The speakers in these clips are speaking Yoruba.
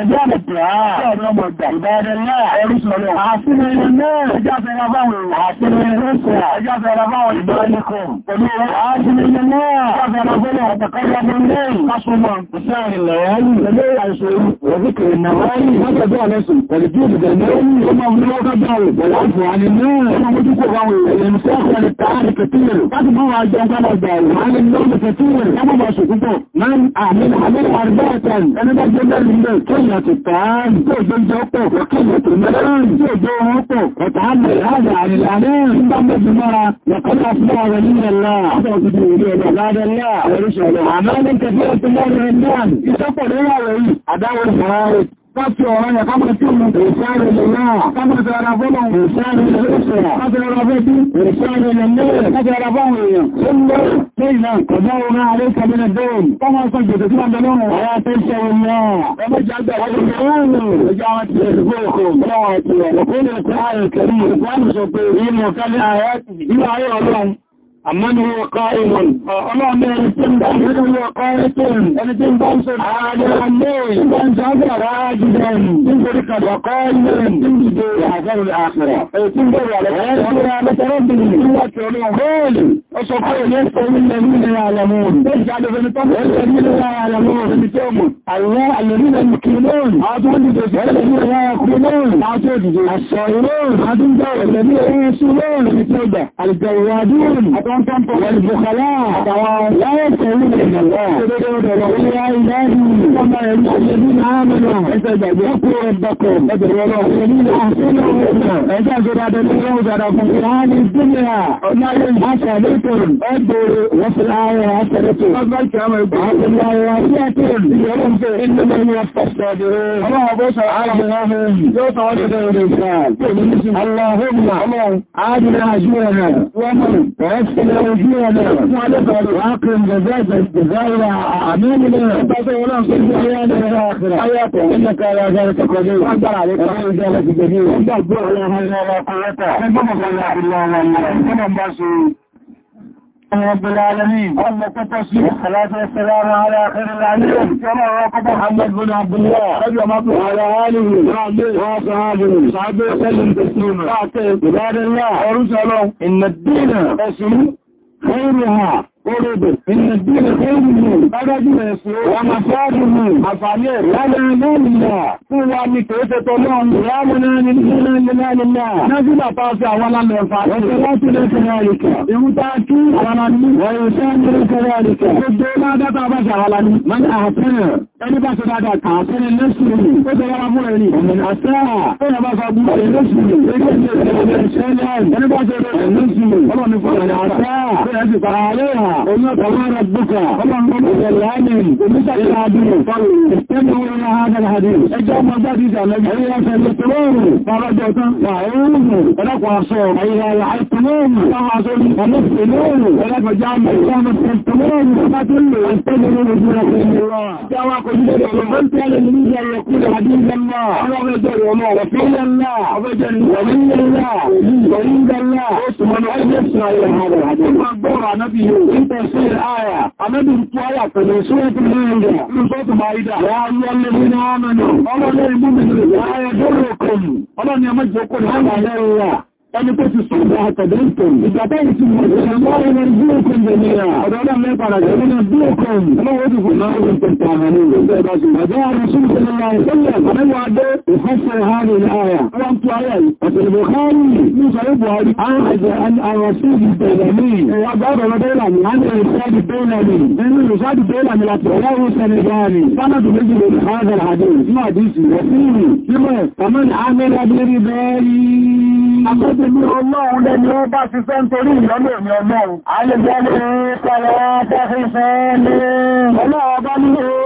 Ẹjọ́ àpẹẹrẹ ọ̀rọ̀ ọmọdà ìbáraẹ̀lá ẹrú sọ̀rọ̀ àṣírí náà ẹjọ́ àpẹẹrẹ báwọn àṣírí ẹ̀rọ́sọ̀ ẹjọ́ àpẹẹrẹ báwọn ìbáraẹ̀lẹ́kọ̀ pẹ̀lú àṣírí náà ẹjọ́ àpẹẹrẹ bọ́lọ̀ ọ̀tọ̀kọ́lọ́ ọmọ ilé ìpásọ́mọ̀ ìṣẹ́ ìlẹ̀ ẹ̀lú pẹ̀lú àìṣòro òbíkè ìnàwárí mọ́tẹ̀bọ́ ọ̀lẹ́sùn pẹ̀lú bí òbíkè ìnàwárí ọmọ ọmọ ọgá báwọn pẹ̀lú àìṣòro àní náà ọmọ mọ́túkò báwọn ìlẹ̀mí sọ́kọ̀ lè tààrí kẹtìrì láti bọ́ wa jẹun ká lọ́gbà ẹ̀rọ àní lọ́gbà kẹtìrì ọmọ mọ́sùn púpọ̀ náà àmì àmì àrùbáàtàn ẹni bá jẹ́ bẹ́ẹ̀ kéèyàn ti tàá ìjọ àdáwọ̀ ìfọ̀rọ̀ Láti ọ̀rọ̀ yẹ káàkiri tí mo ìṣàrẹ̀ lè náà, káàkiri tí ara fọ́nà ìṣàrẹ̀ lè ṣẹ̀rẹ̀, káàkiri ara fẹ́bí ìṣàrẹ̀ lè lẹ́rẹ̀, káàkiri ara fọ́nà èèyàn. Ó lọ lẹ́yìn náà, kọjá orin àrẹ́ ìṣàbẹ̀lẹ̀ dóòrùn, kọ́mọ́ sọ jẹ́ tí wọ́n bẹ̀rẹ̀ ọ̀rọ̀ àti ìṣẹ̀rẹ̀ ọ̀rọ̀, ọ̀rọ̀ ọ̀rọ̀ kó Àmọ́ni wọn kọ́ ìwọ̀n, ọlọ́mẹ́rin tí ń bá ń rí wọn kọ́ ìtìn, ẹni tí ń bá ń ṣe ààrẹ ọmọ ìgbà ń sáàbẹ̀ ráà jùlọ ní, tí ń borí kàdà kọ́ ìwọ̀n, tí ń dìde àgbẹ̀rẹ̀ àkẹrẹ, èyí tí ń bẹ̀rẹ̀ àrẹ̀ Ọ̀ṣọ̀kọ́ ìlú ìfẹ̀mí lẹ́nu ní àlàmù òun. Bẹ́ẹ̀ ìjáde fẹ́ni tó fẹ́ lẹ́nu ní àlàmù òun ní tí ó mọ̀. Àwọn àlèrí lẹ́nu kìí lóòrùn. Àwọn tó ń dìde fẹ́ lẹ́nu ní àkùnrin lóòrùn. Àwọn tó dìde àṣọ ìlóòrùn. Àwọn tó ń bẹ̀rẹ̀ lẹ́nu ẹ̀yìn sí lóòrùn ní tí ó gbà. Àlùgbẹ̀rẹ̀wàdúrùn. Àtọ́n tẹ́m̀pọ̀. Wẹ̀lùbùkọ̀lá. Àtàwọn láyé pẹ̀lú ìrìnàlọ́. Ilé ayélujára. Ọmọ ẹ̀rù ṣẹ̀dí فئة أدور وفي الآية عشرة وفي الآية عشرة إنما يوفى الصابرون الله بوسع على الله يوفى وجد الإنسان اللهم عادل أجورنا ويسكن أجورنا وعقم جزاز الجزائر أمامنا ولا صلح حيانا الآخرة حياته إنك على ذلك قدير أكبر عليك وعلى ذلك جديد أكبر على هذا وقعته أكبر على الله والله أكبر رب العالمين اللهم تسليم الصلاة والسلام على خير العالمين كما وقف محمد بن عبد الله رضي الله على آله وصحبه وسلم تسليما عباد الله ورسوله إن الدين تسليم خيرها orílẹ̀ ìrìnàjílẹ̀ orílẹ̀ ọjọ́júlẹ̀ ẹ̀sùn ọmọ fọ́ọ̀dùnmù àfààní ẹ̀rọ lọ́nà fún wa ní kò ṣe tó lọ́n rámọ́nà nílẹ̀ nájúlà tó ṣe àwọn alẹ́fà ẹ̀sẹ̀ láti lẹ́sẹ̀ àríkà ìwúta kí àwọn alẹ́mú ọ̀rọ̀ iṣẹ́ àríkà àríkà gbogbo ládátà bá ṣe àwọn alẹ́mú mọ́nà àpẹẹrẹ ẹni bá ṣe dáadáa kà á fẹ́rẹ̀ lẹ́sùrù ó ṣe yára fún ẹni ọmọ àṣẹ́ ẹni bá ṣe gbogbo lẹ́sùrù ẹni bá ṣe lẹ́sùrù ọlọ́ni fún ẹni àṣẹ́ وما كما ربك إذا العالم ومثل العدو استمعوا إلى هذا الحديث اجعوا مزاجد الذي هي سيطلون فرجعت فعوه ولك وعصوه إذا لحظتمون فعصوه ونفسلون ولك وجعل إسلام السلطمون فتلوا استمعوا لجوركم الله جواك جدر وقلت على الميزة يقول حديث الله ورجل وما وفي الله ورجل ومن الله وعند الله ومن أجل إسرائيل هذا الحديث وقبر نبيه تفسير آية أمد الكواية من سورة الهندة من صوت بعيدة يا أيها الذين آمنوا أولا يبون لا يضركم أولا يمجكم على الله ẹni tó ti sọ̀rọ̀ àtẹ̀dẹ́ ìtòm ìgbàtà ìtumọ̀ ìṣẹ̀mọ́ ẹni bí ó kún jẹnìyà ọ̀dọ́dọ́ mẹ́pàdà jẹ́ nínú bí ó kún ọlọ́wọ́ ti fún náà ó ti tẹ̀tẹ̀ àwọn ẹni rẹ̀ bá ṣe àjọ àrùn sún sí nínú ìṣẹ̀lẹ̀ àmẹ́wà dé ìfẹ́sẹ̀ hàn ní àyà wọ́n tú ayà yìí ọ̀tẹ̀lẹ̀ bọ̀kárì ní sọ̀rọ̀ buhari àjẹ́ àwọn sí ìbẹ̀rẹ̀ ní ìwà gbọ́dọ̀ lọ́dẹ́là ní àjẹ́ ìṣẹ́dì bẹ́ẹ̀lẹ̀ ní nínú ìṣẹ́dì bẹ́ẹ̀lẹ̀ ní láti ọlọ́run sẹ́lẹ̀ gáàrí sánàdù méjì lórí hàn Àmọ́bí ní ọlọ́run lẹ́ni ó bá ti fẹ́ ń torí ìyọ́lẹ̀ òní ọlọ́run. Àlẹ́gbẹ́lẹ́ pẹ̀lẹ́ pẹ́fẹ́fẹ́ ní ọlọ́run bá ní ó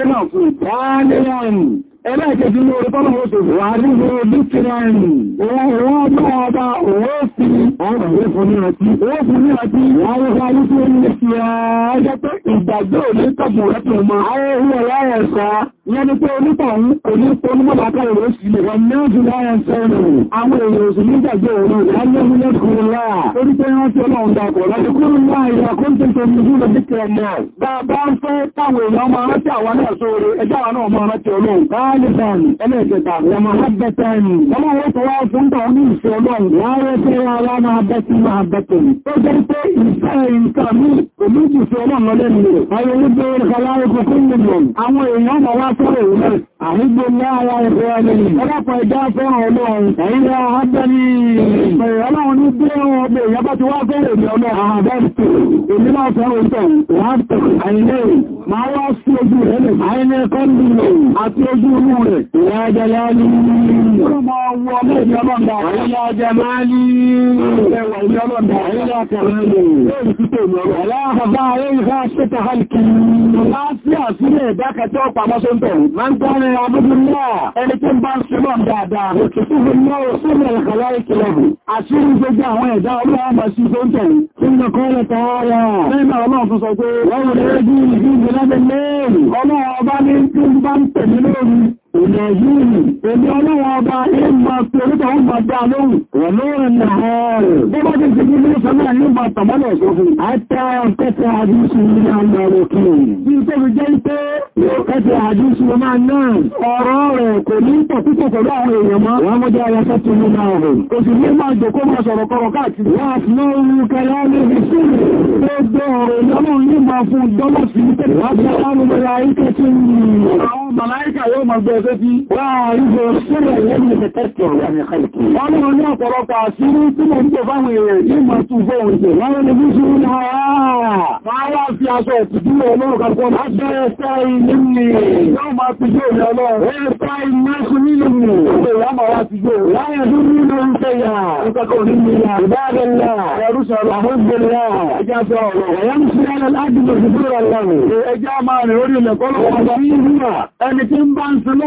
ọ̀nà fún ìtàlẹ́yàn ẹlẹ́ẹ̀kẹ́jì ní orí pọ́nà oṣù wà ní orí lítìrán wọ́n bá ọba owó fi ọ̀rọ̀ rẹ̀ fún ní ọtí ìyẹn ni pé onítọ̀hún kò ní onímọ̀láká èrò sílẹ̀ wọn náà jù láyẹn sẹ́nu àwọn èrò òsì nígbàgbé òun ìyálẹ́mú lẹ́kùnrin láà orí pé wọ́n tí ọlọ́run dàpọ̀ láti kúrò láà ìwà kóńtẹ̀ tó ní jùlọ bí kẹrẹ náà bá bá ń fẹ́ táwọn èèyàn máa rántí àwọn náà sóore ẹjọ́ àwọn náà máa rántí ọlọ́run káàlìbàn ẹlẹ́ẹ̀kẹta yàmà hábẹ́tẹ́ni ọmọ wọn tó wá fún tàwọn ní ìfẹ́ ọlọ́run wọ́n rẹ́ pé ara máa bẹ́tí máa bẹ́tẹ̀ni tó jẹ́ pé ìfẹ́ nǹkan mú òmìnir ìwé náà Àrígbò lára ẹ̀fẹ́ ẹlẹ́ni. Ọlọ́pàá ẹ̀dá fẹ́ràn ọlọ́run. Ẹ̀yìn ya ábẹ́ni. Ọlọ́run ní bí ẹ̀rọ ọgbẹ̀ ìyá bá ti wá fẹ́rẹ̀ mi ọlọ́run. Àbẹ́sì. Èmi náà fẹ́ràn ìtọ̀. Láàpù. Àìlẹ́. Máa wá sí ojú rẹ̀ lẹ̀. Àìlẹ́ kọ́lù rẹ̀. Àti ojú inú rẹ̀. Ìyá ajẹ́ láàlú. Ọlọ́mọ ọwọ́ ọmọ ìyá ọlọ́ndà. Àìlẹ́ ajẹ́ máa ní. Ẹwà ìyá ọlọ́ndà. Àìlẹ́ akẹ̀rẹ́ lẹ̀. Aláhàbá ayé ìfẹ́ àṣẹ́ta hàlùkì. Máa sí àsílẹ̀ ìdákẹ́tọ́ pàmọ́sọ́ntọ̀. Máa ń gbọ́rin àbúrú náà ẹni tó bá ń súnmọ̀ dáadáa òkè tó fi mọ́ òsúnmọ̀ ìkọ̀lá ìkìlọ̀bù àti gbogbo àwọn ẹ̀dá ọlọ́run máa sí tó ń tẹ̀lé tí ń lọ́kọ́ rẹ̀ tààrà lẹ́nà ọlọ́run tó sọ pé wọ́n rẹ̀ rí ìdí ìgbìlẹ́gbẹ̀lẹ́ ọlọ́run ọba ní tí ń bá ń tẹ̀lé lórí Ònà yìí, èmi ọlọ́wọ́ ọba yóò máa fi orúkọ ó máa dá lóhùn. Wọ̀lọ́rùn náà rẹ̀. Bó bá ti ṣe ní sọ́nà yóò máa tàmọ́lẹ̀ sọ fún. Àtà kẹta àdúsù ní àmà òkè. Bí tó fi jẹ́ pé kẹta àdúsù ọmọ náà, ọ̀rọ̀ rẹ̀ kò ní pọ̀ púpọ̀ pẹ̀lú àwọn èèyàn mọ́. Wọ́n mú jẹ́ ayẹsẹ́ tó ní náà rẹ̀. Kò sì ní máa jòkó máa sọ̀rọ̀ kọ̀rọ̀ káàkiri. Wọ́n á fún oru kẹlẹ́ ní ìṣú. Gbogbo ọ̀rọ̀ ìyọ́nà yìí máa fún dọ́lọ́sì ní tẹ̀lé. Wọ́n á fún ọlọ́run mẹ́ra ayé kẹ́kẹ́ débi. Láàárín lọ sílẹ̀ lẹ́yìn ìfẹ́kẹ́kẹ́ ìyá mi kàìkì. Wọ́n ní ọ̀nà ọ̀pọ̀lọpọ̀ àṣírí tí mo ń jẹ fáwọn èèyàn yìí máa tún fẹ́ òun jẹ. Wọ́n ní bí ṣe ń ha. Máa wá fi aṣọ òtútù ọlọ́run kan kan. Aṣọ ẹ̀ṣẹ́ ilé mi. Yóò máa fi jó ìyá ọlọ́run. Ẹ̀ṣẹ́ iná sí nílùú mi. Ṣé ìyá máa wá ti jó? Láyé tó ní ló ń fẹ́ yà. Ìtọ́kọ̀ ní mi yà. Ìbáàdẹ́lá. Ẹrú sọ̀rọ̀ àwọn ìgbèlè. Ẹja sọ ọ̀rọ̀. Ẹ̀yà ń ṣe ẹ̀rọ láti lọ sí búrọ̀ lọ́rùn. Ẹja máa rìn orí ilẹ̀ kọ́lọ́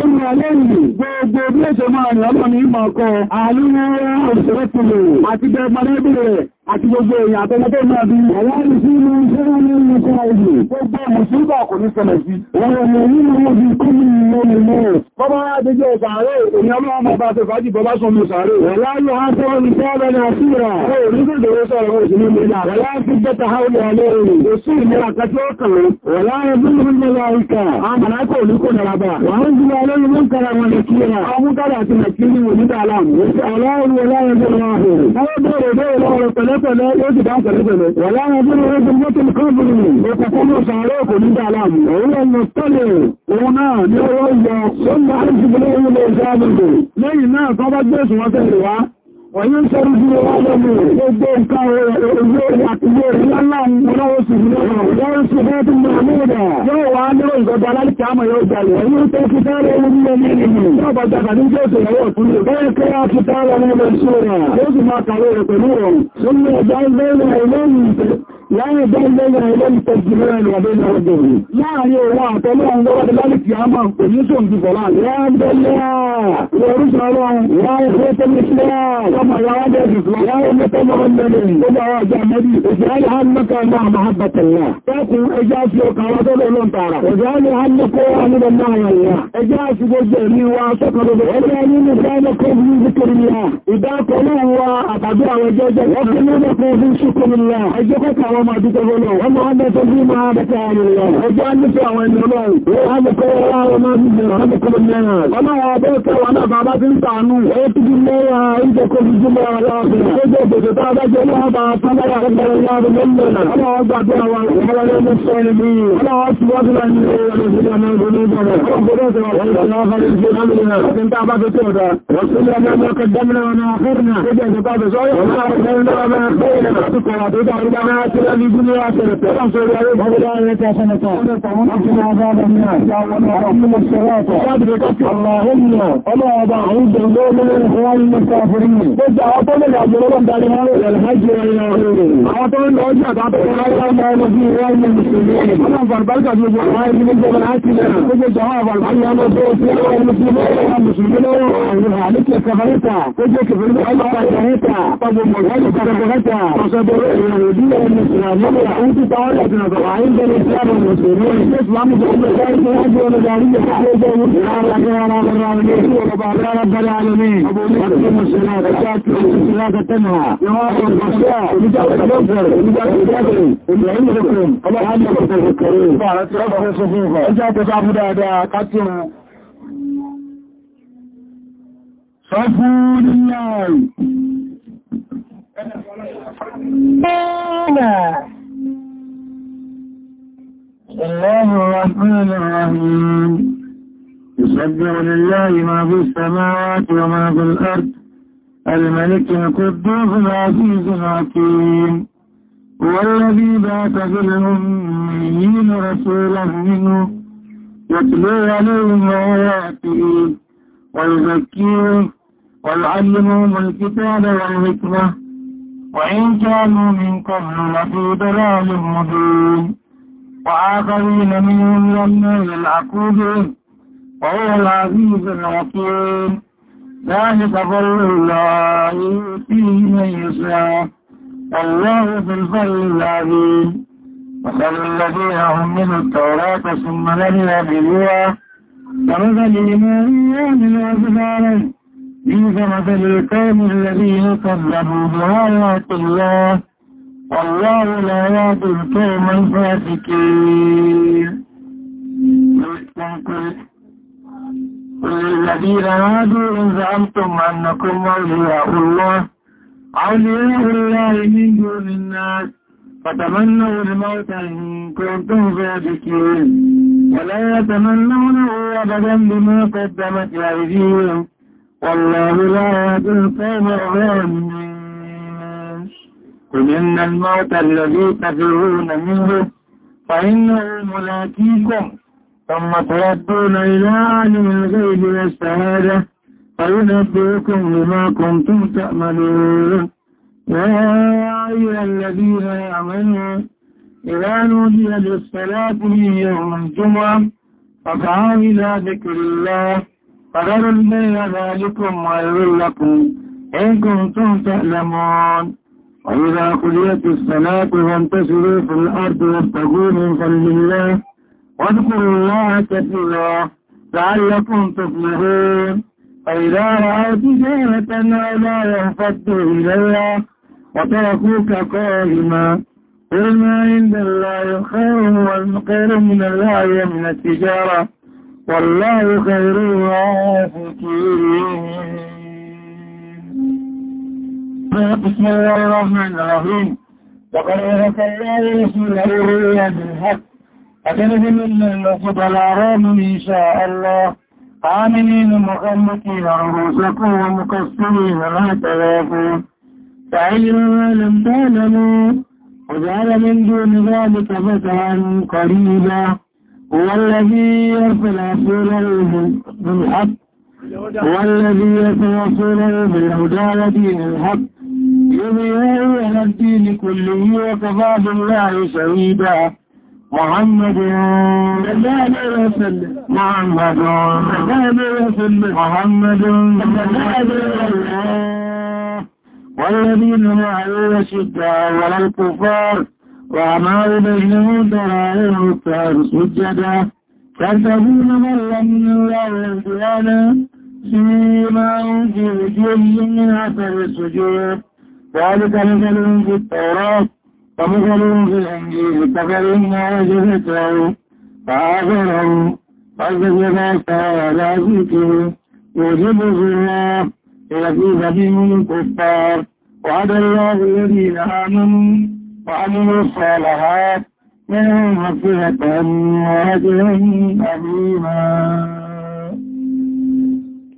tí ní alẹ́ ìlú gbogbo bí ó ṣe máa rìn ọlọ́ni ìmọ̀ ọkọ̀ àlúwẹ́ òṣèrépùlò àti bẹ̀rẹ̀ àti gbogbo èèyàn àtẹ́lẹ́tẹ́ náà bí ọ̀wọ́n sí ní ṣẹ́rẹ́ ní ìṣẹ́ ìlú gbogbo mùsùlùmọ̀ kò ní ṣẹlẹ̀ sí wọ́n rẹ̀ ní ìlú ojú kúrò lónìí mẹ́rẹ̀ bọ́bá àdéjọ́ sàárè èèyàn máa mọ̀ bá ṣe fàájì bọ́bá sọ mú sàárè wọ́n láyọ̀ á tọ́ ní sọ́ọ̀rẹ́ ní àṣírà ó ní gbogbo sọ̀rọ̀ ó sì ní mẹ́lá wọ́n láyọ̀ fi gbẹ́ta haúlẹ̀ alẹ́ rẹ̀ kò sí ìlera kẹjọ́ kan wọ́n láyọ̀ bí kò ní kò nara bá. Wà ń jùlọ lórí mú kára wọn lè kí ra. Àwọn mútàrà àti Nàìjíríà wò nígbà aláàmù. Ọlọ́run ọlọ́run tó máa hù. Wọ́n bèèrè bèèrè lọ́rọ̀ pẹ̀lẹ́pẹ̀lẹ́ yóò ti dáhùn pẹ̀lẹ́pẹ̀lẹ́. Wà láwọn bí wọ́n ti mọ́tò nǹkan bìrì ni. Òkùnkùn ló sàárẹ̀ kò nígbà aláàmù. Òun lọ mọ̀ tọ́lẹ̀ òun náà ní ọwọ́ ìyọ. Sọ́nà àìsí Wọ̀nyí ń sọ́rọ̀ sí wọ́n lọ́wọ́ gbogbo nǹkan ojú àtìgbò ìlànà ìrànlọ́wọ́ sí lọ́wọ́ yóò sì fẹ́ tí mọ̀ múrà yóò wá nírò ìgbọ̀dọ̀ aláìkà àmọ̀ yóò jalè. Wọ̀nyí ń tẹ́kí tẹ́rẹ orí omi nìyí. Yóò bá jàkà ní jẹ́ òṣèrè yóò tún lè. Bẹ́ẹ̀ kí á ti tẹ́rẹ orí omi sóra. Yóò sì máa kàwé rẹ̀ pẹ̀lú ọ̀rùn. Sọ́nà ọjà ń bẹ́ẹ̀rẹ̀ ìlú ìfẹ́ láàrin gbọ́gbọ́gbọ́ ẹlẹ́lẹ́pẹ̀ jùlọ ẹ̀lọ́ ọdún ọdún láàrin owó àtọ́lọ́ ọdún ọdún lálẹ́ kìí àmà kò ní tó ń jùkọ̀ láàrin lẹ́ẹ̀bẹ̀lẹ́ orúṣọ́ ọlọ́run láàrin fẹ́ tẹ́lẹ̀ sílẹ̀ ọmọ ìyàwó ẹ̀dẹ̀ ìsìnkú láàrin mẹ́tẹ́lẹ̀ ọdún lẹ́lẹ́ gbogbo àwọn ọjọ́ mẹ́bí òṣèrè hannaka náà mahabbatalla tẹ́kùn ẹjá fi ọkàn wọ́n tọ́lọ́ lọ́n tààrà òṣèrè hannaka ọmọdé náà yàrá ẹjá fi máa dúpẹ́ lọ́nà ọmọ ọmọ tó bí máa bẹ̀kọ́ àwọn ènìyàn ọjọ́ nípa àwọn ẹni ọlọ́run wọ́n á kọ́ wọ́n á máa bí jìnà á kọ́ mẹ́rin ọlọ́run ọbẹ̀ kẹwàá náà bàbá ti ń sàánú ó ti di mẹ́ra oúnjẹ kò fi jùmọ̀ ọlọ́run ó jẹ́ òbòdó tá a bá jẹ́ lọ́wọ́ bá a fún lára ọgbà ọlọ́run mẹ́rin ọlọ́run gbàgbé àwọn ọlọ́run ní sọ́ọ̀rì a bá يلدون وآخرته وبالآية حسنة وقنا عذاب النار وأقم الصلاة صدرك اللهم ولا أعوذ بالله من الإخوان المستغفرين بس أعطونا الأجرون دائما الحج وإلى آخره أعطونا الأجرة أعطونا الأجرة مع المسلمين أنا فربلك في الجمعات من جمعاتنا كل جواب الحي أنا في المسلمين المسلمين وعليك كفرتها كل كفرتها كفرتها طب المنهج كفرتها وصدر اليهودية المسلمين لما الحوثي تعالى كنا طبعين بين الإسلام والمسلمين الإسلام يقول لك أنت واحد ولا جارية تحلي زي مسلمان لك يا رب العالمين يا رب العالمين وقسم الصلاة الشاكل والصلاة تنهى نواحي الفحشاء ومجاك الكفر ومجاك الكفر ومعين لكم الله يعلمكم الكريم فأترفع صفوفا إذا تسعب دادا قتلوا صفوا لله بسم الله الرحمن الرحيم يسبح لله ما في السماوات وما في الأرض الملك القدوس العزيز الحكيم هو الذي بعث في الأميين رسولا منه يتلو عليهم آياته ويزكيهم ويعلمهم الكتاب والحكمة وإن كانوا من قبل لفي ضلال مبين وآخرين منهم لما يلعقوا بهم وهو العزيز الحكيم ذلك فضل الله يؤتيه من يشاء والله في الفضل العظيم مثل الذين هم من التوراة ثم لم يحملوها كمثل الإيمان يحمل أسفارا إنذر الكون الذين كذبوا بآيات الله والله لا يهدي القوم الفاسقين الذين هادوا إن زعمتم أنكم أولياء الله أولياء الله من دون الناس فتمنوا الموت إن كنتم صادقين ولا يتمنونه أبدا بما قدمت أيديهم والله لا يهدي القوم الظالمين قل إن الموت الذي تدعون منه فإنه ملاقيكم ثم تردون إلى عالم الغيب والشهادة فينبئكم بما كنتم تأملون يا أيها الذين آمنوا إذا نودي للصلاة من يوم الجمعة فسعوا إلى ذكر الله قرار بين ذلكم خير لكم إن كنتم تعلمون وإذا قضيت الصلاة فانتشروا في الأرض وابتغوا من فضل الله واذكروا الله كثيرا لعلكم تفلحون فإذا رأوا تجارة وَلَا لا ينفضوا إليها وتركوك قائما قل ما عند الله خير وَالْمُقِرُّ من الله من التجارة والله خير الوافقين بسم الله الرحمن الرحيم وقد الله رسوله الرؤيا بالحق من للمسجد الحرام إن شاء الله عاملين مخلقين رؤوسكم ومكسرين لا تغافون فعلم ما لم تعلموا وجعل من دون ذلك فتحا قريبا والذي الذي يصل رسوله بالحق والذي الذي رسوله بالهدى ودين الحق يضيعه على الدين كله وكفى بالله شهيدا محمد صلى الله وسلم محمد صلى الله وسلم محمد والذين معه شدة ولا الكفار وعمار وأمر بهم ترائعهم سجدا كذبون من لم الله رسولا سيما في وجوههم من أثر السجود ذلك مثل في التوراة ومثل في الإنجيل كمثل عاجز ثوب فآخره فالذي على ذكره يوجب الظلام يكيد بهم الكفار وعد الله الذين آمنوا وأن يوصى لها من خفية وهدي أمينا